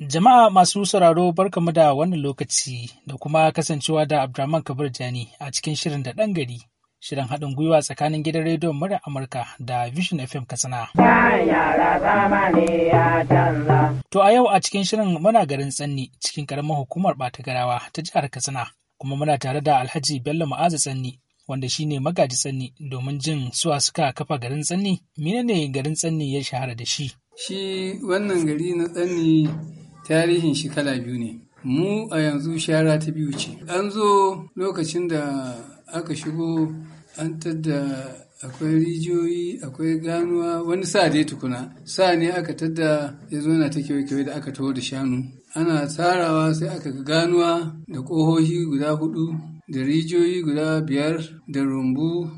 Jama'a masu sauraro barkamu da wannan lokaci da kuma kasancewa da Abdurrahman Kabir Jani a cikin shirin da ɗan gari. Shirin haɗin gwiwa tsakanin gidan rediyon murar Amurka da Vision FM Katsina. To a yau a cikin shirin muna garin Tsanni cikin ƙaramin hukumar ɓata garawa ta jihar Katsina kuma muna tare da Alhaji Bello Ma'aza Tsanni wanda shine magaji Tsanni domin jin suwa suka kafa garin Tsanni menene garin Tsanni ya shahara da shi. Shi wannan gari na Tsanni tarihin shi kala biyu ne mu a yanzu shara ta biyu ce an zo lokacin da aka shigo an tadda akwai rijiyoyi akwai ganuwa wani sa dai tukuna sa ne aka tadda ya zo na ta kewaye da aka taho da shanu ana tsarawa sai aka ga ganuwa da ƙohohi guda hudu da rijiyoyi guda biyar da rumbu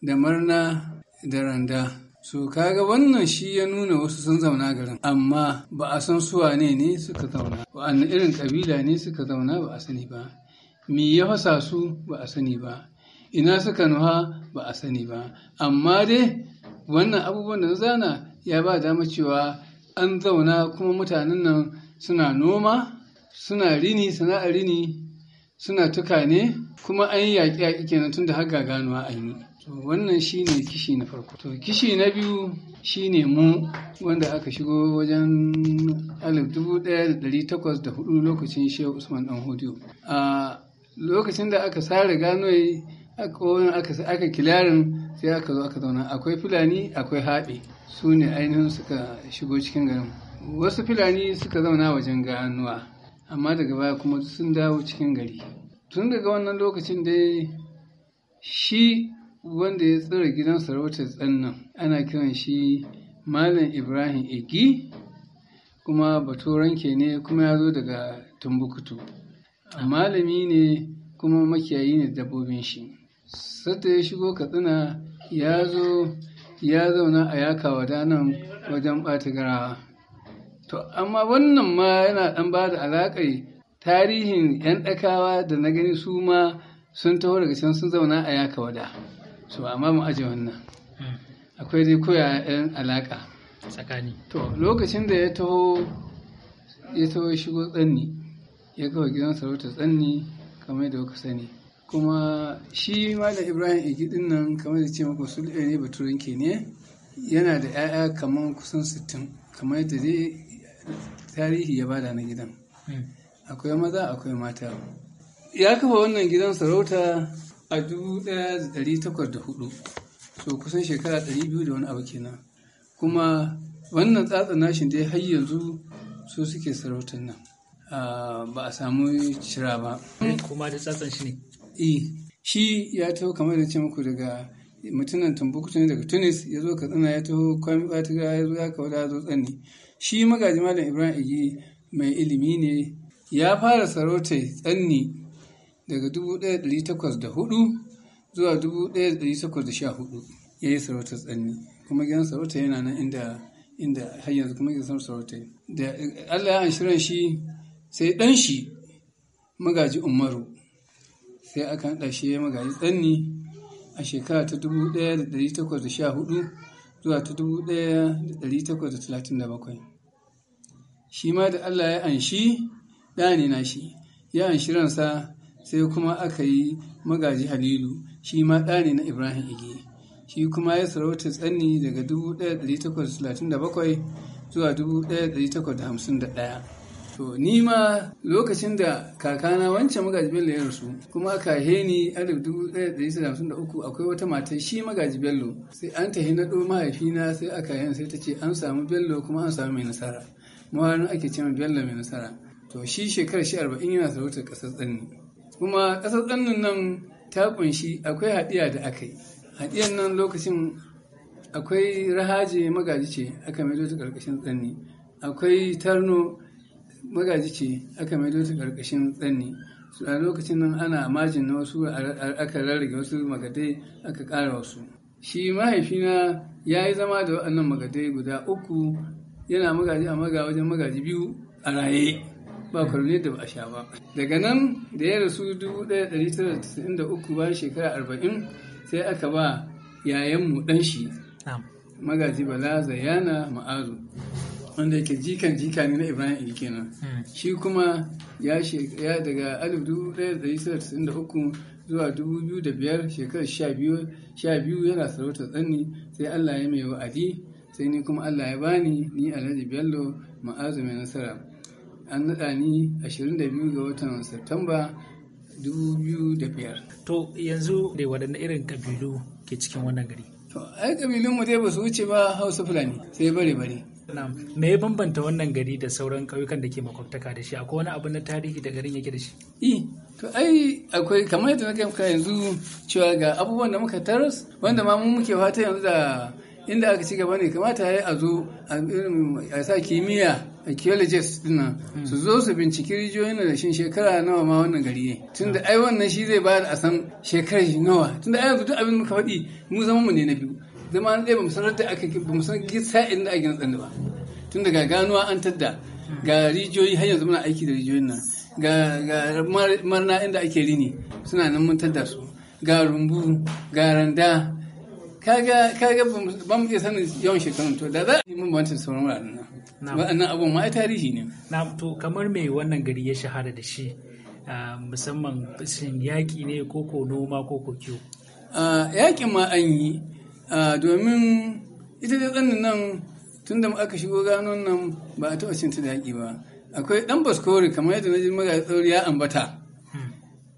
da marna da randa So kaga wannan shi ya nuna wasu sun zauna garin amma ba a san su wane ne suka zauna wa'annan irin kabila ne suka zauna ba a sani ba me ya fasa su ba a sani ba ina suka nuha ba a sani ba amma dai wannan abubuwan da zana ya ba dama cewa an zauna kuma mutanen nan suna noma suna rini sana'ar rini suna tuka ne, kuma an yi yaƙi-yaƙi kenan tun da har gaganuwa an yi To wannan shine kishi na farko. To kishi na biyu shine mu wanda aka shigo wajen 1804 lokacin Shehu Usman Dan hudu A lokacin da aka sare ganoyi aka aka kilarin sai aka zo aka zauna akwai fulani akwai haɓe su ne ainihin suka shigo cikin garin wasu fulani suka zauna wajen ganuwa amma daga baya kuma sun dawo cikin gari tun daga wannan lokacin dai shi wanda ya tsara gidan sarautar tsannan ana kiran shi Malam Ibrahim Egi, kuma baturanke ne kuma ya zo daga Tumbuktu. Malami ne kuma makiyayi ne dabbobin shi. Sata ya shigo Katsina ya zo ya zauna a yakawa danan wajen ɓata garawa. To, amma wannan ma yana ɗan ba da alaƙar tarihin ‘yan ɗakawa da na gani su ma sun taho daga can sun zauna a yakawa da. To amma mu aje wannan hmm. akwai dai koya yan alaka tsakani to lokacin da ya taho ya taho shigo tsanni ya kawo gidan sarauta tsanni kamar da kuka sani kuma shi ma da ibrahim gidin nan kamar da ce maka sulɗe ne baturin ke ne yana da 'ya'ya kamar kusan sittin kamar yadda dai tarihi ya bada na gidan hmm. akwai maza akwai mata ya kafa wannan gidan sarauta a 1804 so kusan shekara 200 da wani abu kenan kuma wannan tsatsa nashin dai har yanzu su suke sarautar nan ba a samu cira ba hmm, kuma da tsatsan shi ne E, shi ya taho kamar da ce muku daga mutunan tumbuktu ne daga tunis ya zo ka tsana, ya taho kwami batiga ya zo ya kawo da zo tsanni shi magaji malam ibrahim igi mai ilimi ne ya fara sarautar tsanni daga 1804 zuwa 1814 ya yi sarauta tsanni kuma gidan sarauta yana nan inda inda har yanzu kuma gidan sarauta da Allah ya anshiran shi sai ɗan shi magaji umaru sai aka haɗa shi ya magaji tsanni a shekara ta 1814 zuwa ta 1837 shi ma da Allah ya anshi ɗa na shi ya anshi ransa sai kuma aka yi magaji halilu shi ma ɗa ne na ibrahim ige shi kuma ya sarauta tsanni daga 1837 zuwa 1851 to ni ma lokacin da kakana wancan magaji bello ya rasu kuma aka heni a 1953 akwai wata mata shi magaji bello sai an tahi na ɗo mahaifina sai aka yi sai ta ce an samu bello kuma an samu mai nasara mawarin ake cewa bello mai nasara to shi shekarar shi arba'in yana sarautar ƙasar tsanni kuma ƙasar tsannin nan ta kunshi akwai haɗiya da aka yi haɗiyan nan lokacin akwai rahaje magaji ce aka maido ta ƙarƙashin tsanni akwai tarno magaji ce aka maido ta ƙarƙashin tsanni su a lokacin nan ana majin na wasu aka rarrage wasu magadai aka ƙara wasu shi mahaifina ya yi zama da waɗannan magadai guda uku yana magaji a maga wajen magaji biyu a raye ba kwalme da ba sha ba daga nan da ya rasu dubu ɗaya da uku bayan shekara arba'in sai aka ba mu ɗan shi magaji bala zayana ma'azu wanda yake jikan jika ne na ibrahim ili kenan hmm. shi kuma ya daga alif dubu ɗaya da uku zuwa dubu biyu da biyar shekarar biyu yana sarauta tsanni sai allah ya mai wa'adi sai ni kuma allah ya bani ni alhaji bello ma'azu mai nasara an naɗa ni 22 ga watan Satumba 2005. To yanzu da waɗanne irin kabilu ke cikin wannan gari? To ai kabilun mu dai ba su wuce ba Hausa Fulani sai bare bare. Me ya bambanta wannan gari da sauran ƙauyukan da ke makwabtaka da shi akwai wani abu na tarihi da garin yake da shi? I to ai akwai kamar yadda na kai yanzu cewa ga abubuwan da muka taras wanda ma mun muke fata yanzu da inda aka ci gaba ne kamata ya yi a zo a sa kimiyya archaeologists nan mm. su zo su binciki rijiyoyin da shin shekara nawa ma wannan gari ne tunda ai wannan shi zai bayar a san shekarar nawa tunda ai yanzu duk abin muka faɗi mu zama mu ne na biyu zama na ɗaya ba mu san da aka ba mu san gisa inda ake na tsanni ba tunda ga ganuwa an tadda mm. ga rijiyoyi har yanzu muna aiki da rijiyoyin nan ga ga marna inda ake rini suna nan mun tadda su ga rumbu ga randa kaga kaga ba mu iya sanin yawan shekarun to da za a yi mun bantar sauran wuraren nan waɗannan abun ma tarihi ne na to kamar me wannan gari ya shahara da shi ah, musamman shin yaƙi ne ko ko noma ko ko kiwo ah, yaƙin ma an yi ah, domin ita da tsanin nan tun da aka shigo ganon nan ba a taɓa cinta da yaƙi ba akwai ɗan baskori kamar yadda na ji maga ya ambata hmm.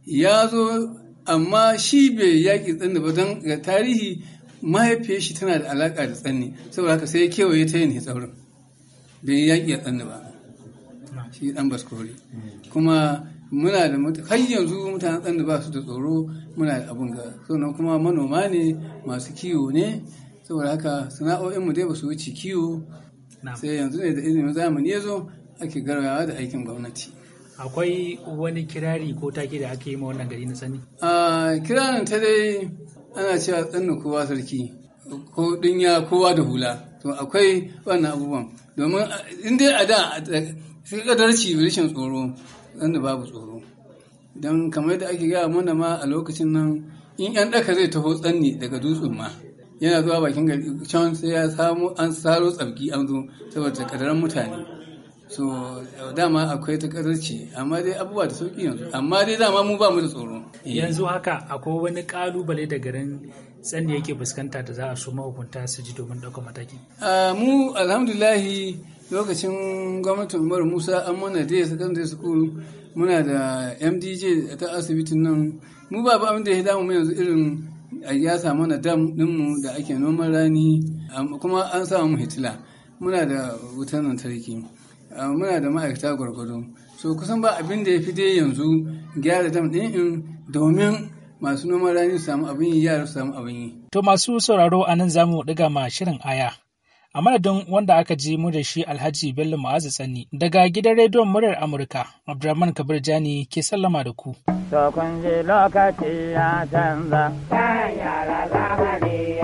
ya zo amma shi bai yaƙi tsanin ba don ga tarihi mahaifiyar shi tana da alaƙa da tsanni saboda haka sai ya kewaye ta yin tsaurin bai yaƙi a tsanni ba shi ɗan baskori kuma muna da har yanzu mutanen tsanni ba su da tsoro muna da abun ga sannan kuma manoma ne masu kiwo ne saboda haka sana'o'inmu dai ba su wuce kiwo sai yanzu ne da izinin zamani ya zo ake garawa da aikin gwamnati akwai wani kirari ko take da ake yi ma wannan gari na sani a ah, kirarin ta dai ana cewa tsanna kowa sarki ko dinya kowa da hula to akwai wannan abubuwan domin in dai a da sai kadarci rashin tsoro wanda babu tsoro don kamar da ake gaya mana ma a lokacin nan in yan ɗaka zai taho tsanni daga dutsen ma yana zuwa bakin gari can sai ya samu an saro tsabki an zo saboda kadaran mutane so dama akwai takarci amma dai abubuwa da sauki yanzu amma dai dama mu ba mu da tsoro eh. yanzu haka akwai wani kalubale da garin tsanda yake fuskanta da za a so mahukunta su ji domin ɗaukar mataki mu alhamdulahi lokacin gwamnatin umar musa an mana da ya secondary school muna da mdj ta asibitin nan mu ba ba da ya damu yanzu irin ya samu na dam dinmu da ake noman rani kuma an samu hitila muna da wutan lantarki Eh, muna da ma'aikata gwargwado so kusan ba abin da ya fi dai yanzu gyara dam ɗin in domin masu noman rani su samu abin yi yara su samu abin yi. To masu sauraro a nan zamu ɗiga ma shirin aya. A madadin wanda aka ji mu da shi Alhaji Bello Ma'azu Tsanni daga gidan rediyon muryar Amurka Abdulrahman Kabir Jani ke sallama da ku. To kun ji lokaci ya canza. Kan yara zamani